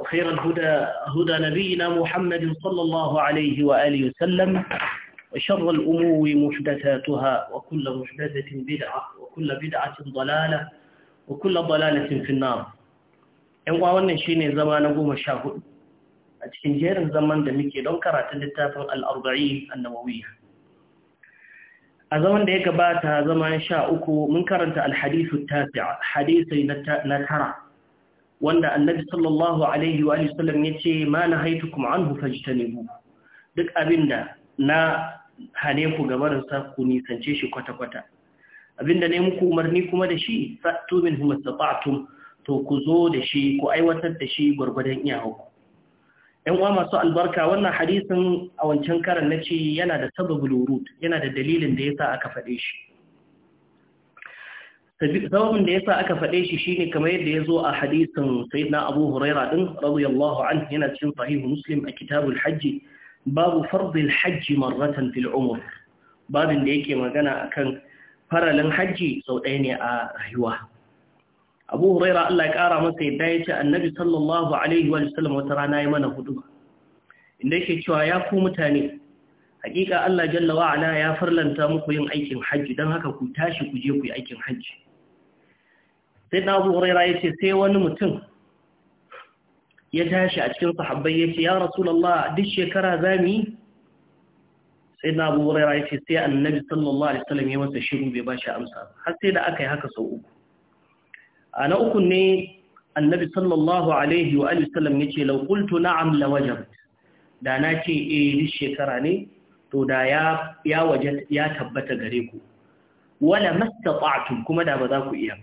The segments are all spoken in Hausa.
وخير الهدى هدى نبينا محمد صلى الله عليه وآله وسلم وشر الأمور محدثاتها وكل محدثة بدعة وكل بدعة ضلالة وكل ضلالة في النار إن wannan shine zama na 14 a cikin jerin zaman da muke don karatun littafin al-arba'in an-nawawiyya a zaman da ya gabata zaman 13 mun karanta al-hadithu at-tasi' hadisi na tara wanda annabi sallallahu alaihi wa sallam ya ce ma na kuma an fajtanibu duk abinda na hane ku gabarinsa ku nisance shi kwata-kwata abinda ne muku umarni kuma da shi fa'tu minhu mastata'tum to ku zo da shi ku aiwatar da shi gwargwadon iyawanku ‘yan uwa masu albarka wannan hadisin a wancan karan na ce yana da sababul wurud yana da dalilin da ya sa aka faɗe shi sababin da yasa aka faɗe shi shine kamar yadda ya zo a hadisin sayyidina Abu Huraira din radiyallahu anhu yana cikin sahihu Muslim a kitabul hajji babu fardil hajji marratan fil umr babin da yake magana akan faralin hajji sau ɗaya ne a rayuwa Abu Huraira Allah ya kara masa yadda ya ce Annabi sallallahu alaihi wa sallam wata rana ya mana hudu inda yake cewa ya ku mutane hakika Allah jalla ya farlanta muku yin aikin hajji don haka ku tashi ku je ku yi aikin hajji sai na abu huraira ya ce sai wani mutum ya tashi a cikin sahabbai ya ce ya rasulallah duk shekara za mu yi sai na abu huraira ya ce sai annabi sallallahu alaihi wasallam ya masa shiru bai ba shi amsa har sai da aka yi haka sau uku a na uku ne annabi sallallahu alaihi wa sallam ya ce laukultu na'am la wajen da na ce eh duk shekara ne to da ya ya tabbata gare ku wala mastata'tum kuma da ba za ku iya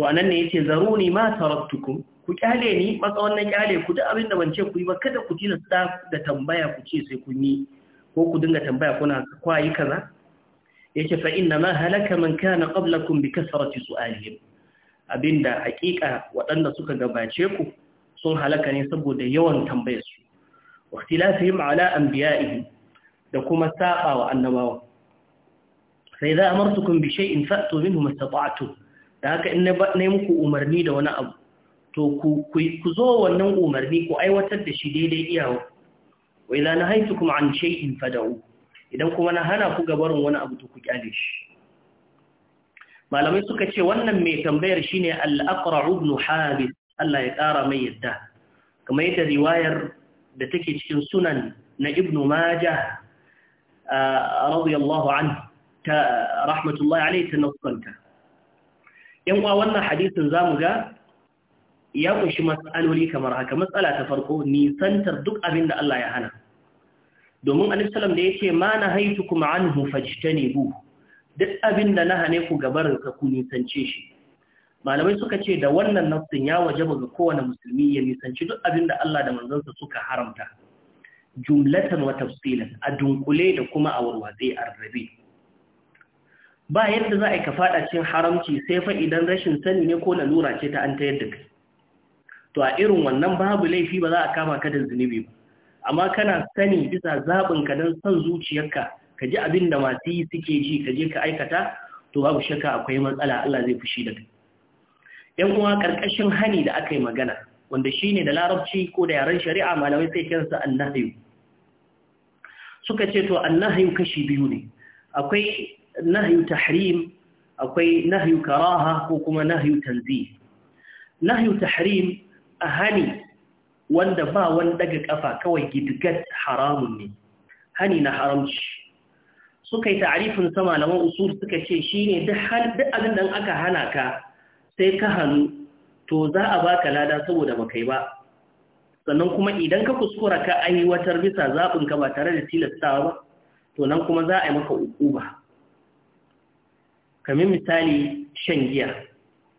to anan ne yace zaruni ma taraktukum ku kyale ni matsawon wannan kyale ku duk abinda ban ce ku yi ba kada ku tilasta da tambaya ku ce sai kun yi ko ku dinga tambaya kuna kwayi kaza yace fa inna ma halaka man kana qablakum bi kasrati su'alihim abinda hakika waɗanda suka gabace ku sun halaka ne saboda yawan tambayar su wa ikhtilafihim ala anbiya'ihim da kuma saba wa annabawa fa idza amartukum bi shay'in fa'tu minhu mastata'tum da haka in na muku umarni da wani abu to ku zo wannan umarni ku aiwatar da shi daidai iyawa wa idza kuma an shay'in fad'u idan kuma na hana ku gabarin wani abu to ku kyale shi malamai suka ce wannan mai tambayar shine al-aqra' ibn Allah ya kara mai yadda kamar yadda riwayar da take cikin sunan na ibn majah ah, radiyallahu anhu ta rahmatullahi alayhi ta yan uwa wannan hadisin zamu ga ya kunshi matsaloli kamar haka matsala ta farko nisantar duk abin da Allah ya hana domin annabi ma na da yace ma nahaytukum anhu fajtanibu duk abin da na hane ku gabarin ka ku nisance shi malamai suka ce da wannan nafsin ya wajaba ga kowane musulmi ya nisanci duk abin da Allah da manzansa suka haramta jumlatan wa tafsilan a dunkule da kuma a warwatse a rabi ba yadda za a yi ka fada cin haramci sai fa idan rashin sani ne ko lalura ce ta an ta yadda kai to a irin wannan babu laifi ba za a kama ka da zunubi ba amma kana sani bisa zaɓin ka don son zuciyarka ka ji abin da masu yi suke ji ka je ka aikata to babu shakka akwai matsala Allah zai fushi da kai yan uwa karkashin hani da aka yi magana wanda shine da larabci ko da yaren shari'a malamai sai kiransa annahyu suka ce to annahyu kashi biyu ne akwai nahyu tahrim akwai nahyu karaha ko kuma nahyu tanzih nahyu tahrim ahani wanda ba wani daga kafa kawai gidgat haramun ne hani na haramci suka yi ta'arifin sama malaman usul suka ce shi ne duk abin da aka hana ka sai ka hannu to za a baka lada saboda baka yi ba sannan kuma idan ka kuskura ka aiwatar bisa zaɓin ka ba tare da tilastawa ba to nan kuma za a yi maka uku ba kamar misali shan giya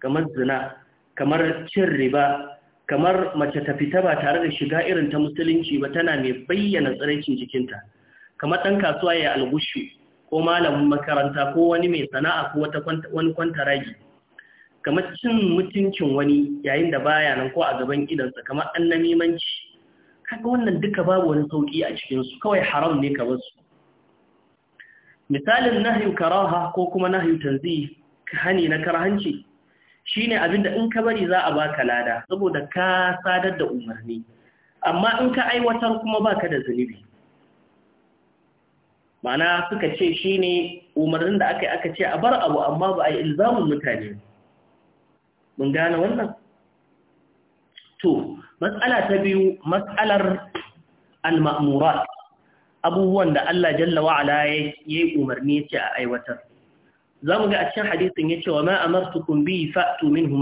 kamar zina kamar cin riba kamar mace ta fita ba tare da shiga irin ta musulunci ba tana mai bayyana tsiraicin jikinta kamar ɗan kasuwa ya algushi ko malamin makaranta ko wani mai sana'a ko wani kwantaragi kamar cin mutuncin wani yayin da baya nan ko a gaban idansa kamar annamimanci kaga wannan duka babu wani sauƙi a cikinsu kawai haram ne ka su. misalin nahyu karaha ko kuma nahyu tanzih hani na karhanci shine abinda in ka bari za a baka lada saboda ka sadar da umarni amma in ka aiwatar kuma baka da zunubi Mana suka ce shine umarnin da aka yi aka ce a bar abu amma ba a yi ilzamin mutane mun gane wannan to matsala ta biyu matsalar al-ma'murat abubuwan da Allah jalla wa'ala ya yi umarni ce a aiwatar za mu ga a cikin hadisin ya ce wa ma amartukum bi fa'tu minhu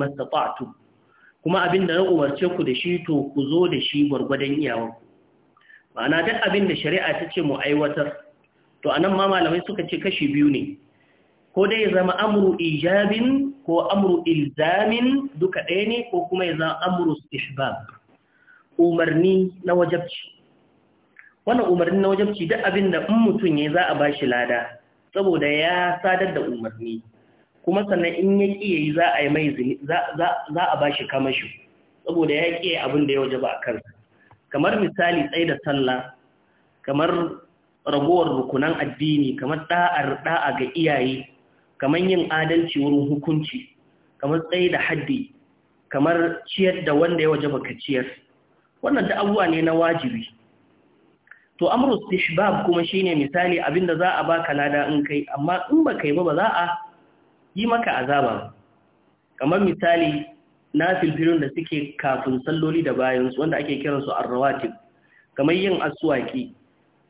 kuma abin da na umarce ku da shi to ku zo da shi gwargwadon iyawan ma'ana duk abin da shari'a ta ce mu aiwatar to a nan ma malamai suka ce kashi biyu ne ko dai ya zama amru ijabin ko amru ilzamin duka ɗaya ne ko kuma ya zama amru ishbab. umarni na wajabci wannan umarni na wajabci duk abin da in mutum ya za a ba shi lada saboda ya sadar da umarni kuma sannan in ya ƙi yayi za a yi mai za a ba shi kamashi saboda ya ƙi abin da ya wajaba a kansa kamar misali tsaye da sallah kamar ragowar rukunan addini kamar ɗa'ar ɗa'a ga iyaye kamar yin adalci wurin hukunci kamar tsaye da haddi kamar ciyar da wanda ya wajaba ka ciyar wannan da abubuwa ne na wajibi to amru istihbab kuma shine misali abinda za a baka lada in kai amma in ba kai ba ba za a yi maka azaba kamar misali na filfilun da suke kafin salloli da su wanda ake kiransu arrawatib kamar yin aswaki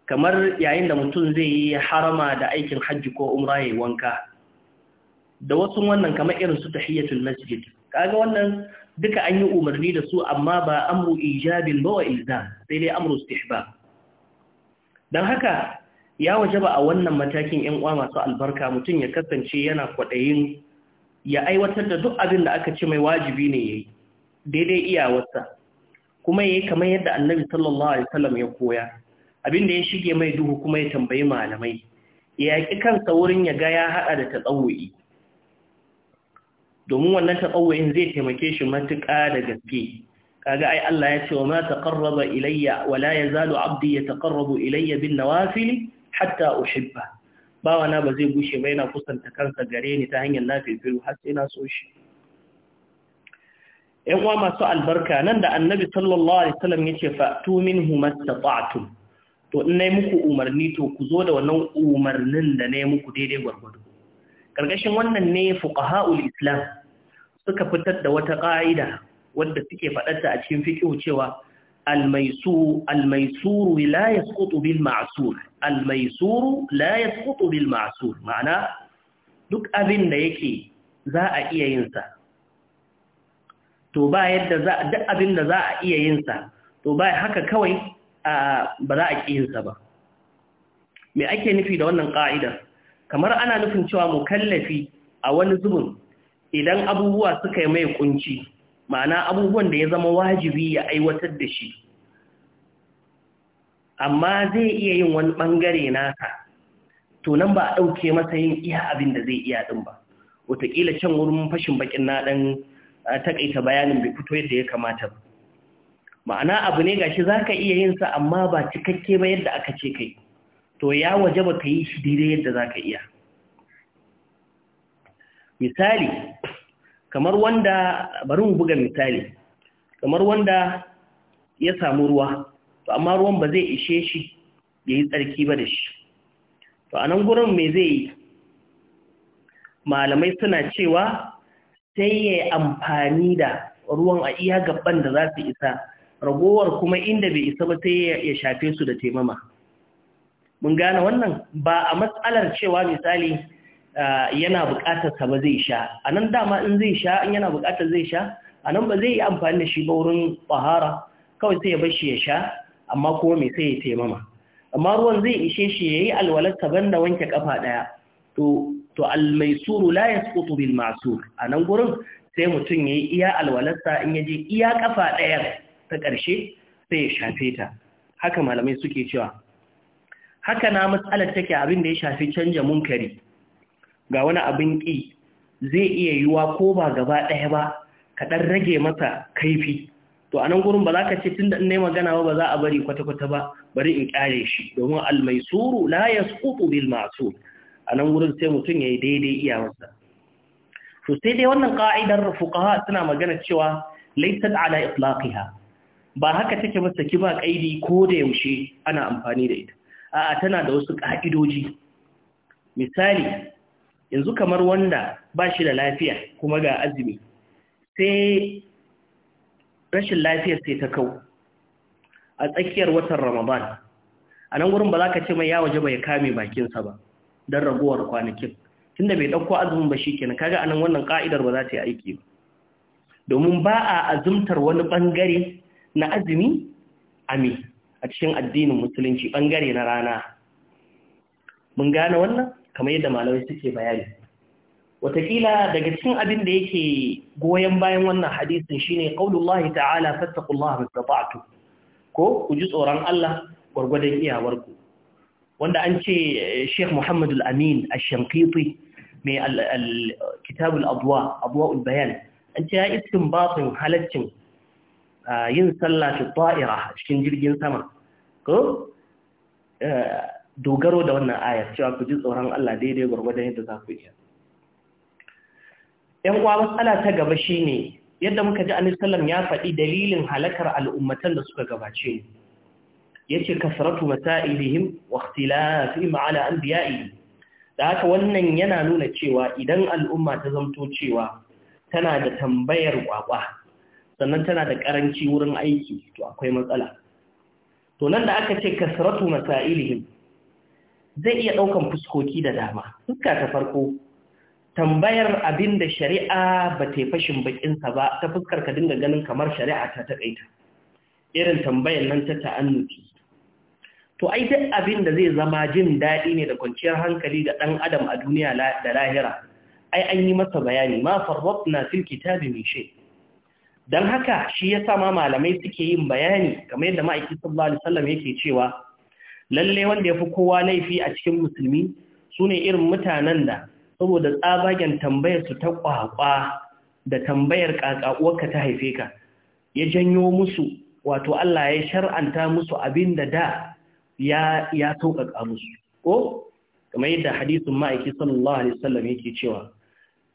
kamar yayin da mutum zai yi harama da aikin hajji ko umra yayin wanka da wasu wannan kamar irin su tahiyatul masjid kaga wannan duka an yi umarni da su amma ba amru ijabil ba wa ilzam sai dai amru istihbab don haka ya waje ba a wannan matakin ‘yan uwa masu albarka mutum ya kasance yana kwaɗayin ya aiwatar da duk abin da aka ci mai wajibi ne ya yi daidai iyawarsa kuma ya yi kamar yadda annabi sallallahu alaihi wasallam ya koya abin da ya shige mai duhu kuma ya tambayi malamai ya yaƙi kansa wurin ya ga ya haɗa da tatsawu'i domin wannan tatsawu'in zai taimake shi matuƙa da gaske kaga ai Allah ya ce wa ma taqarraba ilayya wa la yazalu 'abdi yataqarrabu ilayya bin nawafil hatta uhibba bawa ba zai gushe ba yana kusanta kansa gare ni ta hanyar nafilu har sai na so shi ƴan uwa masu albarka nan da Annabi sallallahu alaihi wasallam yace fa tu minhu mastata'tum to in nayi muku umarni to ku zo da wannan umarnin da nayi muku daidai gwargwado karkashin wannan ne fuqaha'ul islam suka fitar da wata ƙa'ida wanda suke faɗarta a cikin fikihu cewa almaisuru almaisuru la yasqutu bil ma'asur. almaisuru la yasqutu bil ma'sur ma'ana duk abin da yake za a iya yinsa, to ba yadda za duk abin da za a iya yin to ba haka kawai ba za a ki yin ba me ake nufi da wannan ka'idar kamar ana nufin cewa mu kallafi a wani zubin idan abubuwa suka yi mai kunci ma'ana abubuwan da ya zama wajibi ya aiwatar da shi amma zai iya yin wani ɓangare nasa to nan ba a ɗauke masa yin iya abin da zai iya ɗin ba wataƙila can wurin fashin bakin na ɗan taƙaita bayanin bai fito yadda ya kamata ba ma'ana abu ne gashi za ka iya yinsa amma ba cikakke ba yadda aka ce kai to ya waje ba ka yi shi daidai yadda za ka iya misali kamar wanda bari mu buga misali kamar wanda ya samu ruwa to amma ruwan ba zai ishe shi ya yi tsarki ba da shi to a nan gurin me zai yi malamai suna cewa sai ya yi amfani da ruwan a iya gaban da za su isa ragowar kuma inda bai isa ba sai ya shafe su da taimama mun gane wannan ba a matsalar cewa misali yana buƙatar sa ba zai sha a nan dama in zai sha in yana buƙatar zai sha a nan ba zai yi amfani da shi ba wurin bahara kawai sai ya bar shi ya sha amma kuma mai sai ya taimama amma ruwan zai ishe shi ya yi alwalarsa ban da wanke kafa ɗaya to suru la ya tsoto bil masur a nan gurin sai mutum ya yi iya alwalarsa in ya je iya kafa ɗaya ta ƙarshe sai ya shafe ta haka malamai suke cewa haka na matsalar take abin da ya shafi canja munkari ga wani abin ƙi zai iya yiwa ko ba gaba ɗaya ba ka ɗan rage masa kaifi to a nan gurin ba za ka ce tun da in yi magana ba ba za a bari kwata-kwata ba bari in ƙyale shi domin almaisuru la ya suƙuɓu bil masu a nan gurin sai mutum ya yi daidai iyawarsa to sai dai wannan ƙa'idar fuqaha suna magana cewa laysat ala itlaqiha ba haka take ba saki ba kaidi ko da yaushe ana amfani da ita a'a tana da wasu ƙa'idoji. misali yanzu kamar wanda ba shi da lafiya kuma ga azumi sai rashin lafiya sai ta kau a tsakiyar watan ramadan a nan gurin ba za ka ce mai ya waje bai kame bakinsa ba don ragowar kwanakin tunda bai ɗauko azumin ba shi kenan kaga a nan wannan ƙa'idar ba za ta yi aiki ba domin ba a azumtar wani ɓangare na azumi ami a cikin addinin musulunci ɓangare na rana mun gane wannan kamar yadda malamai suke bayani watakila daga cikin abin da yake goyon bayan wannan hadisin shine ƙaunullahi ta'ala fattaqullaha mastata'tu ko ku ji tsoron Allah gwargwadon iyawarku wanda an ce eh, Sheikh Muhammad amin ash mai al-Kitab al-Adwa Adwa an ce ya istinbatin halaccin ah, yin sallah ta ta'ira cikin jirgin sama ko eh, dogaro da wannan ayar cewa ku ji tsoron Allah daidai gwargwadon yadda za ku iya ‘yan uwa matsala ta gaba shi ne yadda muka ji anisallam ya faɗi dalilin halakar al'ummatan da suka gabace ya ce kasaratu masa'ilihim wa an biya anbiya'i da haka wannan yana nuna cewa idan al'umma ta zamto cewa tana da tambayar kwakwa sannan tana da ƙaranci wurin aiki to akwai matsala to nan da aka ce kasratu ilihim zai iya ɗaukan fuskoki da dama fuska ta farko tambayar abin da shari'a ba ta fashin bakinsa ba ta fuskar ka dinga ganin kamar shari'a ta taƙaita irin tambayar nan ta ta'annuki to ai duk abin da zai zama jin daɗi ne da kwanciyar hankali ga ɗan adam a duniya da lahira ai an yi masa bayani ma na fil kitabi min dan haka shi yasa ma malamai suke yin bayani kamar yadda ma'aikatan sallallahu alaihi wasallam yake cewa lalle wanda ya fi kowa laifi a cikin musulmi su ne irin mutanen da saboda tsabagen tambayar su ta kwakwa da tambayar kakakuwarka ta haife ka ya janyo musu wato Allah ya shar'anta musu abin da da ya ya sauƙaƙa musu ko kamar yadda hadisin ma'aiki sallallahu alaihi wasallam yake cewa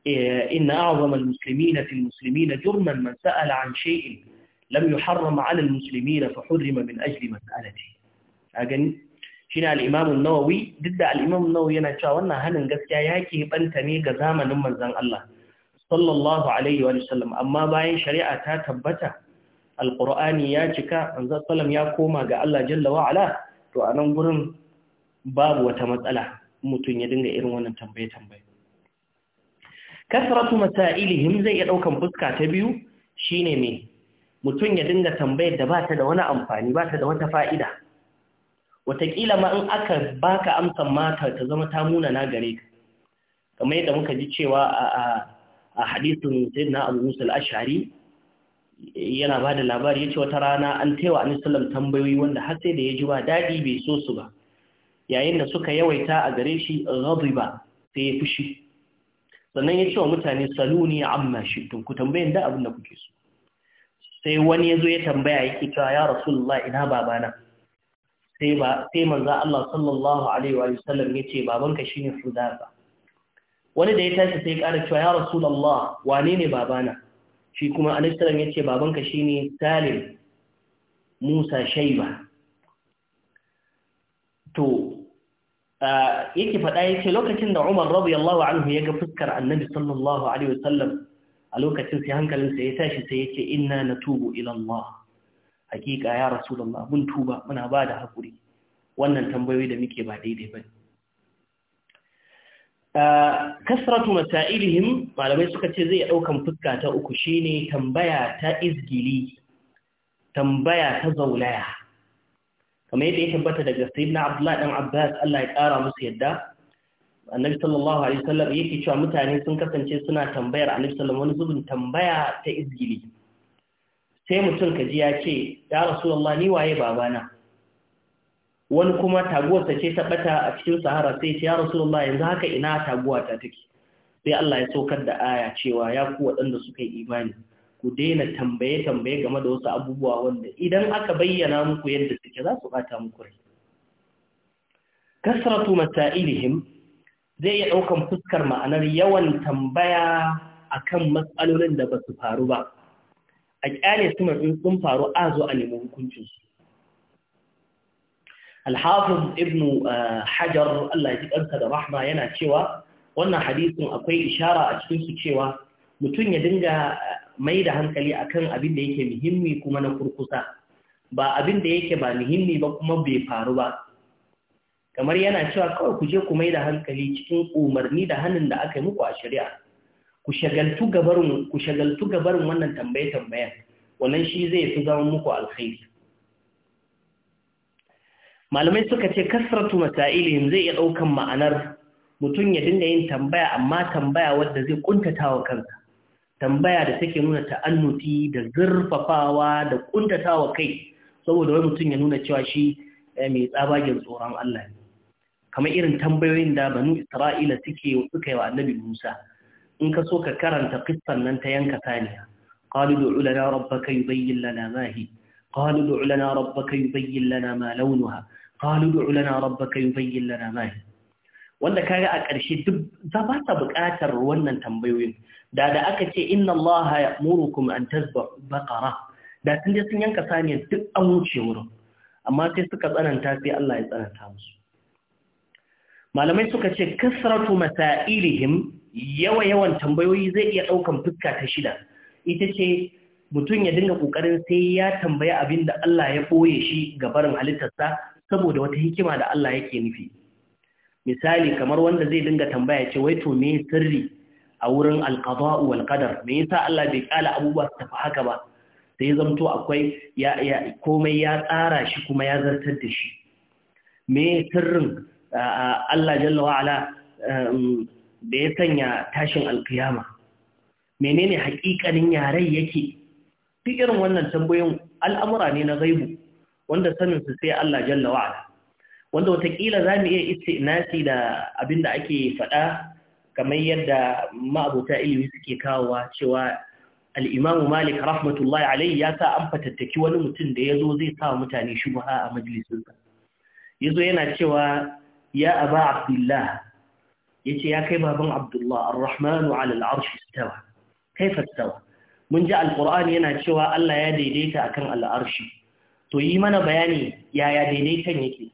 eh, inna a'zama al-muslimina fil muslimina jurman man sa'ala an shay'in lam yuharram 'ala al-muslimina fa hurrima min ajli mas'alatihi a gani shi al-Imam nawawi duk da al-Imam nawawi yana cewa wannan hannun gaskiya yake banta ne ga zamanin manzon Allah sallallahu alaihi wa amma bayan shari'a ta tabbata alqur'ani ya cika manzon Salam ya koma ga Allah jalla wa ala to a nan gurin babu wata matsala mutum ya dinga irin wannan tambaye tambaye kasratu masailihim zai iya ɗaukan fuska ta biyu shine me mutum ya dinga tambayar da ba ta da wani amfani ba ta da wata fa'ida wataƙila ma in aka baka amsan mata ta zama ta muna na gare ka kamar yadda muka ji cewa a hadisin sayyidina abu musul ashari yana ba da labari ya ce wata rana an taiwa an tambayoyi wanda har sai da ya ji ba daɗi bai so su ba yayin da suka yawaita a gare shi ba sai ya fushi sannan ya ce wa mutane saluni amma tun ku tambayin da abin da kuke so sai wani ya zo ya tambaya yake cewa ya rasulullah ina babana sai ba Allah sallallahu alaihi wa sallam ya ce babanka shi ne Hudayfa wani da ya tashi sai ƙara cewa ya Rasulullah wane ne babana shi kuma Annabi sallallahu alaihi yace babanka ne Salim Musa Shaiba to yake faɗa ce lokacin da Umar radiyallahu anhu ya ga fuskar Annabi sallallahu alaihi wa sallam a lokacin sai hankalinsa ya tashi sai yace inna natubu ila Allah hakika ya rasulullah mun tuba muna ba da hakuri wannan tambayoyi da muke ba daidai ba ah, kasratu masailihim malamai suka ce zai daukan fuska ta uku shine tambaya ta izgili tambaya ta zaulaya kamar yadda ya tabbata daga sayyidina abdullahi dan abbas Allah ya kara musu yadda annabi sallallahu alaihi wasallam yake cewa mutane sun kasance suna tambayar annabi sallallahu alaihi wasallam wani zubin tambaya ta izgili sai mutum ka ji ya ce ya Allah ni waye babana wani kuma taguwarsa ce ta bata a cikin sahara sai ce ya Allah yanzu haka ina taguwa ta take sai Allah ya saukar da aya cewa ya ku waɗanda suka yi imani ku daina tambaye tambaye game da wasu abubuwa wanda idan aka bayyana muku yadda suke za su bata muku rai kasratu masailihim zai iya ɗaukan fuskar ma'anar yawan tambaya akan matsalolin da ba su faru ba a kyale su in sun faru a zo a nemi hukuncin su alhafin ibn eh, hajar Allah ya ji ƙarsa da rahma yana cewa wannan hadisin akwai ishara a cikin su cewa mutum ya dinga eh, mai da hankali a kan abin da yake muhimmi kuma na kurkusa ba abin da yake ba muhimmi ba kuma bai faru ba kamar yana cewa kawai ku je ku mai da hankali cikin umarni da hannun da aka yi muku a shari'a ku shagaltu gabarin ku wannan tambaye tambayan wannan shi zai fi zama muku alkhairi malamai suka ce kasratu masailihim zai iya daukan ma'anar mutum ya dinga yin tambaya amma tambaya wadda zai kuntatawa kansa tambaya da take nuna ta'annuti da zurfafawa da kuntatawa kai saboda wani mutum ya nuna cewa shi eh, mai tsabagen tsoron Allah ne kamar irin tambayoyin da banu Isra'ila suke suka yi wa Annabi Musa in ka so ka karanta kissan nan ta yanka saniya qalu du'u rabbaka yubayyin lana ma hi qalu rabbaka yubayyin lana ma launuha qalu du'u rabbaka yubayyin lana wanda kaga a ƙarshe duk za ba ta buƙatar wannan tambayoyin da da aka ce inna allaha ya'murukum an tazbahu baƙara, da sun je sun yanka saniya duk an wuce wurin amma sai suka tsananta sai Allah ya tsananta musu malamai suka ce kasratu masailihim yawa yawan tambayoyi zai iya ɗaukan fuska ta shida ita ce mutum ya dinga ƙoƙarin sai ya tambaya abin da Allah ya ɓoye shi ga barin halittarsa saboda wata hikima da Allah yake nufi misali kamar wanda zai dinga tambaya ce wai to me sirri a wurin alqada'u wal qadar me yasa Allah bai kala abubuwa su tafi haka ba sai zamto akwai ya komai ya tsara shi kuma ya zartar da shi me sirrin Allah jalla wa um, da ya sanya tashin alkiyama menene haƙiƙanin yaren yake duk irin wannan tambayoyin al'amura ne na gaibu wanda saninsu sai Allah jalla wa'ala wanda watakila za mu iya istinasi da abin da ake faɗa kamar yadda ma'abuta ilimi suke kawowa cewa al'imamu malik rahmatullahi alaihi ya sa an fatattaki wani mutum da ya zo zai sa mutane shubha a majalisinsa. ya zo yana cewa ya aba abdullah yace ya kai baban Abdullah Ar-Rahmanu 'ala al-'arshi istawa kaifa istawa mun ji alqur'ani yana cewa Allah ya daidaita akan al-arshi to yi mana bayani yaya daidaitan yake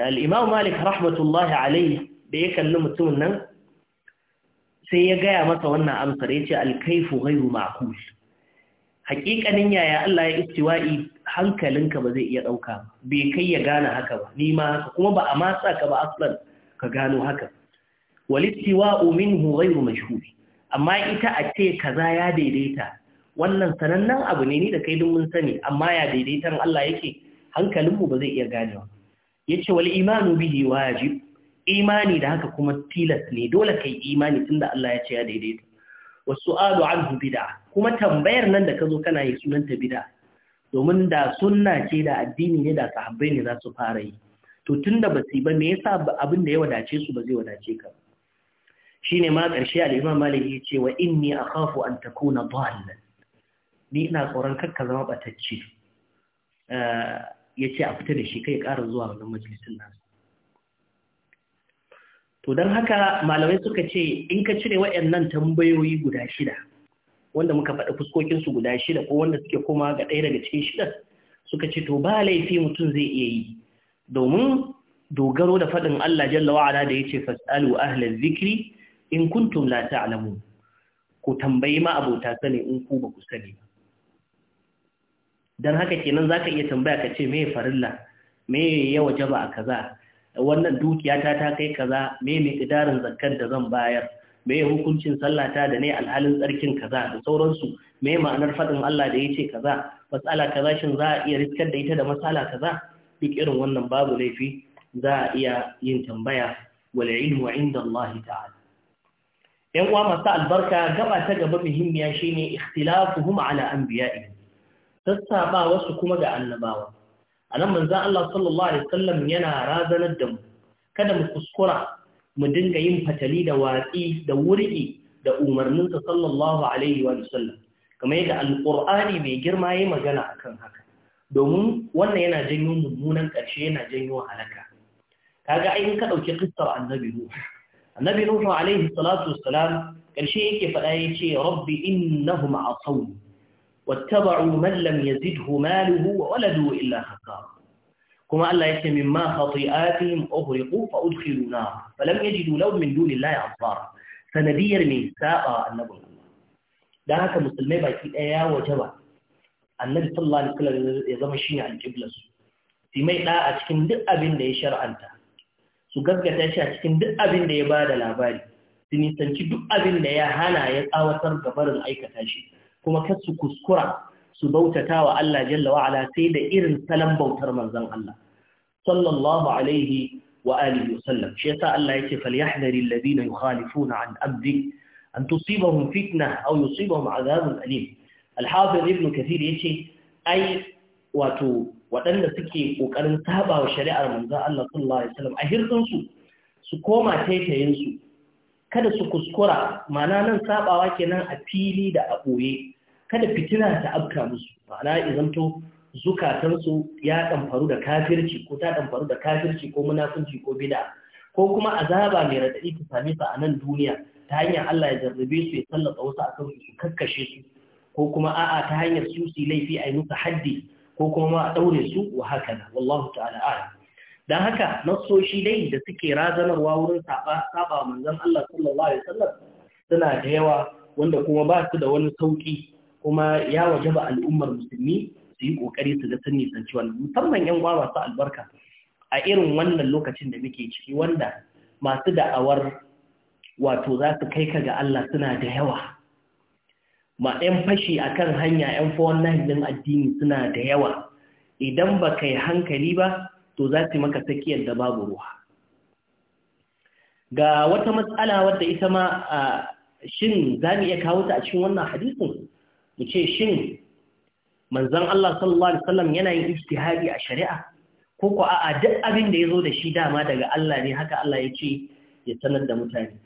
al-Imam Malik rahmatullahi alayhi da ya kalli mutumin nan sai ya gaya masa wannan amsar yace al-kayfu ghayru ma'qul hakikanin yaya Allah ya istiwa'i hankalinka ba zai iya ɗauka bai kai ya gane haka ba ni ma kuma ba a matsa ka ba aslan ka gano haka walittiwa'u minhu ghayru majhul amma ita a ce kaza ya daidaita wannan sanannen abu ne ni da kai mun sani amma ya daidaitan Allah yake hankalin mu ba zai iya gane ba yace wal imanu bihi wajib imani da haka kuma tilas ne dole kai imani tunda Allah ya ce ya daidaita wasu'alu anhu bid'a kuma tambayar nan da kazo kana yi sunanta bid'a domin da sunna ce da addini ne da sahabbai ne za su fara yi to da ba su ba me yasa abin da ya wadace su ba zai wadace ka shine ma ƙarshe a imam Malik ya ce wa inni akhafu an takuna dhallan ni ina tsoron kakka zama batacce eh, ya ce a fita da shi kai ƙara zuwa wannan majalisun nan to don haka malamai suka ce in ka cire waɗannan tambayoyi guda shida wanda muka faɗi fuskokinsu guda shida ko wanda suke koma ga ɗaya daga cikin shida suka ce to ba laifi mutum zai iya yi domin dogaro da faɗin Allah jalla wa'ala da yace fasalu Ahlal zikri in kuntum la ta'lamun ku tambayi ma abota sani in ku ba ku sani ba dan haka kenan zaka iya tambaya ka ce me farilla me ya wajaba a kaza wannan dukiya ta ta kai kaza me ne idarin zakkar da zan bayar me hukuncin sallah ta da ne alhalin tsarkin kaza da sauransu me ma'anar faɗin Allah da yace kaza masala kaza shin za a iya riskar da ita da masala kaza duk irin wannan babu laifi za a iya yin tambaya wal ilmu inda Allah ta'ala yan uwa masu albarka gaba ta gaba muhimmiya shine ikhtilafuhum ala anbiya'i sassaba wasu kuma ga annabawa nan manzo Allah sallallahu alaihi wasallam yana razanar da mu kada mu kuskura mu dinga yin fatali da watsi da wur'i da umarninsa sallallahu alaihi wa sallam kamar yadda alqur'ani mai girma yayi magana akan haka domin wannan yana janyo mummunan ƙarshe yana janyo halaka kaga ai in ka dauki qissar annabi nuh annabi nuh alaihi salatu wassalam ƙarshe yake faɗa yace rabbi innahum asaw wattaba'u man lam yazidhu maluhu wa waladuhu illa khasara kuma Allah yake mimma khati'atihim ughriqu fa udkhilu nar falam yajidu lahum min dunillahi ansara sanadiyar mai saba annabin Allah haka musulmai baki daya wajaba annabi sallallahu alaihi wasallam ya zama shine alqiblar su su mai da a cikin duk abin da ya shar'anta su gaggata shi a cikin duk abin da ya bada labari su nisanci duk abin da ya hana ya tsawatar ga barin aikata shi kuma kar su kuskura su bautata wa Allah jalla wa ala sai da irin salon bautar manzon Allah sallallahu alaihi wa alihi wasallam shi yasa Allah yake falyahdharil ladina yukhalifuna an amri an tusibahum fitna aw yusibahum adhabun alim alhafin ibn kathir ya ce ai wato waɗanda suke ƙoƙarin saba shari'ar manzo Allah sallallahu Alaihi wasallam a hirɗinsu su koma taitayinsu kada su kuskura ma'ana nan sabawa kenan a fili da a ɓoye kada fitina ta afka musu ma'ana zukatan zukatansu ya ɗamfaru da kafirci ko ta ɗamfaru da kafirci ko munafunci ko bida ko kuma azaba mai raɗaɗi ta same su a nan duniya ta hanyar Allah ya jarrabe su ya sallata wasu a akan su kakkashe su ko kuma a'a ta hanyar su laifi a yi musu haddi ko kuma ma a ɗaure su wa haka na wallahu ta'ala a'lam Don haka shi dai da suke razanarwa wurin saba saba manzon Allah sallallahu alaihi wasallam suna da yawa wanda kuma ba su da wani sauƙi kuma ya waje ba al'ummar musulmi su yi kokari su ga sun nisanci wannan musamman yan gwa masu albarka a irin wannan lokacin da muke ciki wanda masu da'awar wato za su kai ka ga Allah suna da yawa ma 'yan fashi a kan hanya 'yan fawon nahilin addini suna da yawa idan ba ka yi hankali ba to za su maka tsakiyar da babu ruwa ga wata matsala wadda ita ma a shin za mu iya kawo ta a cikin wannan hadisin mu ce shin Manzan Allah sallallahu alaihi wasallam yana yin ijtihadi a shari'a ko ko a'a duk abin da ya zo da shi dama daga Allah ne haka Allah ya ce ya sanar da mutane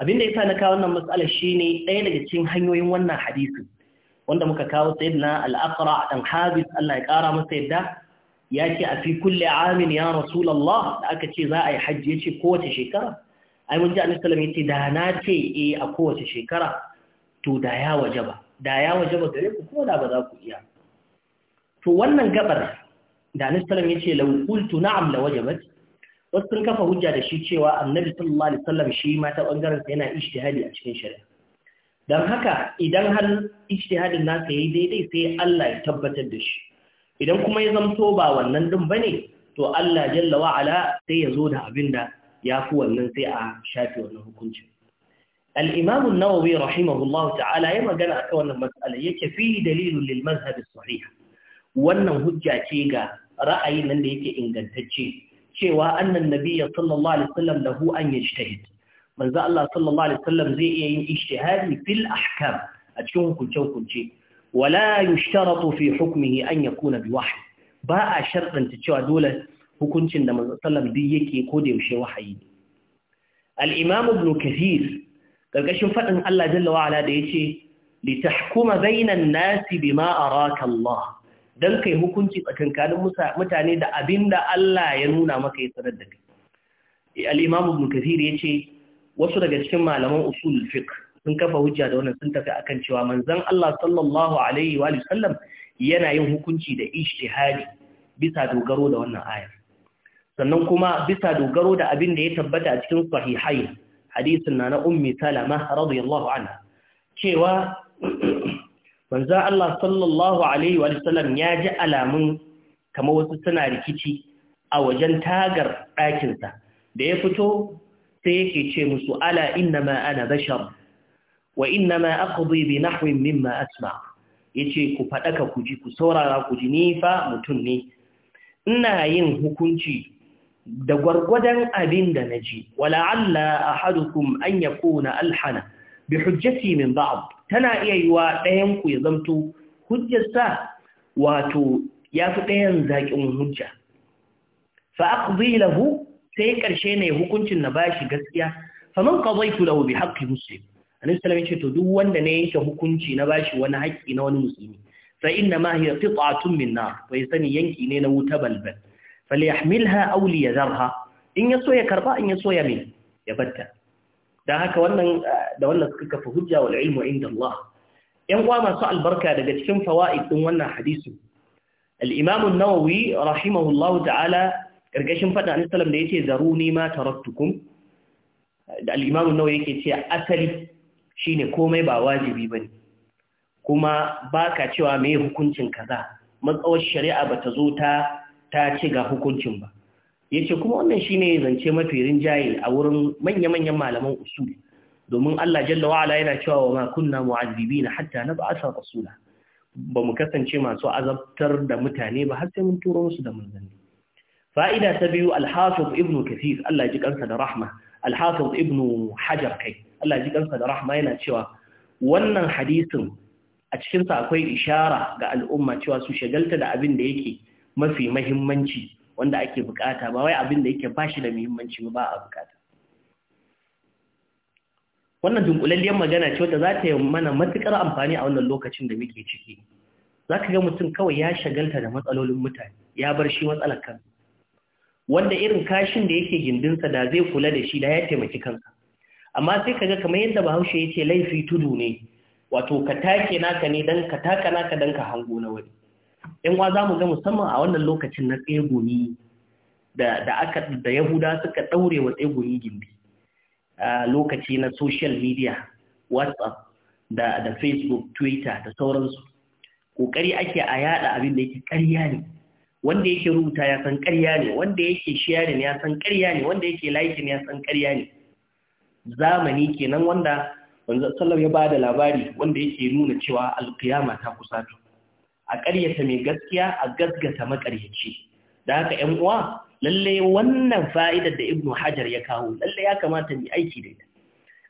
Abin abinda yasa na kawo wannan matsala shine ɗaya daga cikin hanyoyin wannan hadisi wanda muka kawo sayyidina al-aqra dan habis Allah ya kara masa yadda ya ce a fi kulli amin ya rasulullah da aka ce za a yi hajji yace kowace shekara ai mun ji annabi sallallahu alaihi wasallam yace da na ce eh a kowace shekara to da ya wajaba da ya wajaba gare ku ko da ba za ku iya to wannan gabar da annabi sallallahu alaihi wasallam yace law qultu na'am la wajabat wasu sun kafa hujja da shi cewa annabi sallallahu alaihi wasallam shi ma ta bangaren sa yana ijtihadi a cikin shari'a dan haka idan har ijtihadin nasa yayi daidai sai Allah ya tabbatar da shi idan kuma ya zamto ba wannan din bane to Allah jalla wa ala sai ya zo da abinda yafi wannan sai a shafi wannan hukuncin الإمام النووي رحمه الله تعالى يما قال أكوان المسألة يك فيه دليل للمذهب الصحيح وأنه هجة تيغا رأي من ليك yake ingantacce. cewa annan nabiyya sallallahu alaihi wasallam lahu an yajtahid manzo Allah sallallahu alaihi wasallam zai iya yin ijtihadi fil ahkam a cikin hukunce hukunce wala yushtaratu fi hukmihi an yakuna bi wahyi ba a ta cewa dole hukuncin da manzo sallam duk yake ko da yaushe wahayi al-imam ibn kathir karkashin fadin Allah jalla wa ala da yace litahkuma bainan nasi bima araka Allah don kai hukunci tsakankanin mutane da abin da Allah ya nuna maka ya sanar da kai. Al'imamu Ibn ya ce, wasu daga cikin malaman usul fiqh sun kafa hujja da wannan sun tafi akan cewa manzon Allah sallallahu alaihi wa sallam yana yin hukunci da ishtihadi bisa dogaro da wannan ayar, Sannan kuma bisa dogaro da abin da ya tabbata a cikin sahihai hadisin na na Ummi Salama radiyallahu anha cewa manzo Allah sallallahu alaihi wa sallam ya ji alamun kamar wasu suna rikici a wajen tagar ɗakinsa da ya fito sai yake ce musu ala inna ma ana bashar wa inna ma aqdi bi nahwin mimma asma yace ku fadaka ku ji ku saurara ku ji ni fa mutun ne ina yin hukunci da gwargwadon abin da naji wala'alla ahadukum an yakuna alhana bi hujjati min ba'd tana iya yiwa ɗayan ku ya zamto hujjarsa wato ya fi ɗayan zaƙin hujja fa lahu sai ƙarshe ne hukuncin na bashi gaskiya faman qadaytu lahu bi haqqi muslim annabi ya ce to duk wanda ne yake hukunci na bashi wani haƙƙi na wani musulmi Sai inna ma hiya qit'atun min nar sani yanki ne na wuta balbal auli ya zarha, in so ya karba in ya so ya min ya batta dan haka wannan eh, da wannan suka kafa hujja wal ilmu inda Allah yan uwa masu albarka daga cikin fawaid din wannan hadisi al-imam an-nawawi rahimahullahu ta'ala karkashin fada annabi sallallahu da yace zaruni ma taraktukum da al-imam an-nawawi yake cewa asali shine komai ba wajibi bane kuma baka cewa me hukuncin kaza matsawar shari'a bata zo ta ta ci ga hukuncin ba Ya ce kuma wannan shine zance mafi rinjaye a wurin manya-manyan malaman usul domin Allah jalla wa'ala yana cewa wa ma kunna na hatta na rasula ba mu kasance masu azabtar da mutane ba har sai mun turo musu da manzanni fa'ida ta biyu al-hafiz ibn kathir Allah ji kansa da rahma al-hafiz ibn hajar kai Allah ji kansa da rahma yana cewa wannan hadisin a cikin sa akwai ishara ga al'umma cewa su shagalta da abin da yake mafi muhimmanci wanda ake bukata ba wai abin da yake bashi da muhimmanci ba a bukata wannan dunkulalliyar magana ce wata za ta yi mana matukar amfani a wannan lokacin da muke ciki za ka ga mutum kawai ya shagalta da matsalolin mutane ya bar shi matsalar kansa wanda irin kashin da yake gindinsa da zai kula da shi da ya taimaki kansa amma sai ka ga kamar yadda bahaushe ya ce laifi tudu ne wato ka take naka ne don ka taka naka don ka hango na wani in wa za mu ga musamman a wannan lokacin na tsegumi da aka da yahuda suka ɗaure wa tsegumi gindi a lokaci na social media whatsapp da da facebook twitter da sauransu ƙoƙari ake a yada abin da yake ƙarya ne wanda yake rubuta ya san ƙarya ne wanda yake sharing ya san ƙarya ne wanda yake liking ya san ƙarya ne zamani kenan wanda manzo sallar ya da labari wanda yake nuna cewa alƙiyama ta kusa kusato a ƙaryata mai gaskiya a gasgata maƙaryaci da haka ‘yan uwa lalle wannan fa'idar da ibnu hajar ya kawo lalle ya kamata mai aiki da ita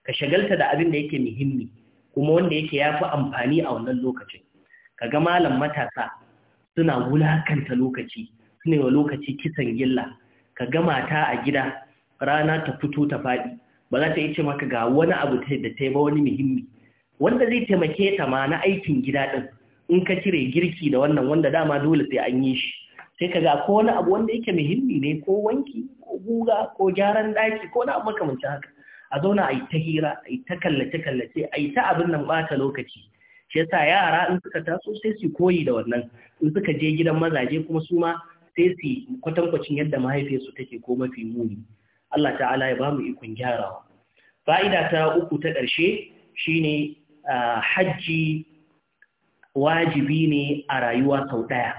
ka shagalta da abin da yake muhimmi kuma wanda yake ya fi amfani a wannan lokacin ka ga malam matasa suna wulakanta lokaci suna wa lokaci kisan gilla ka ga mata a gida rana ta fito ta faɗi ba za ta yi ce maka ga wani abu da ta yi ba wani muhimmi wanda zai taimake ta ma na aikin gida ɗin in ka cire girki da wannan wanda dama dole sai an yi shi sai ka ga ko wani abu wanda yake muhimmi ne ko wanki ko guga ko gyaran daki ko wani abu makamancin haka a zauna a yi ta hira a yi ta kallace kallace a yi ta abin nan ɓata lokaci shi yasa yara in suka taso sai su koyi da wannan in suka je gidan mazaje kuma su ma sai su kwatankwacin yadda mahaifiyarsu take ko mafi muni Allah ta'ala ya bamu ikon gyarawa fa'ida ta uku ta ƙarshe shine ah, hajji wajibi ne a rayuwa sau ɗaya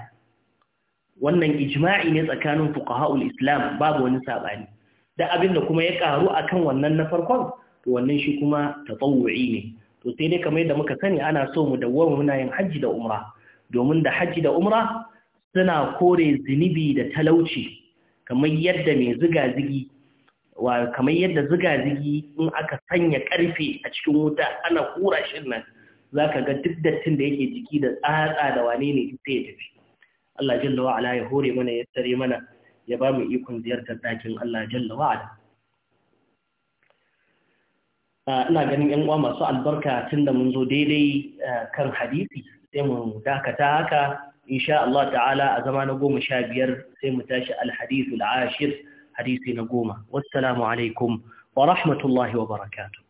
wannan ijma'i ne tsakanin fuqaha'ul islam babu wani saɓani. da abin da kuma ya karu akan wannan na farkon to wannan shi kuma tatawu'i ne to sai dai kamar yadda muka sani ana so mu dawwama muna yin hajji da umra domin da hajji da umra suna kore zunubi da talauci kamar yadda mai ziga-zigi kamar yadda ziga-zigi in aka sanya karfe a cikin wuta ana kura shi nan za ka ga duk dattin da yake jiki da tsatsa da wane ne sai ya tafi Allah jalla wa ya hore mana ya tsare mana ya ba mu ikon ziyartar ɗakin Allah jalla wa ala ina ganin yan uwa masu albarka tun da mun zo daidai kan hadisi sai mu dakata haka insha Allah ta'ala a zama na goma sha biyar sai mu tashi alhadisul ashir hadisi na goma wassalamu alaikum wa rahmatullahi wa barakatuh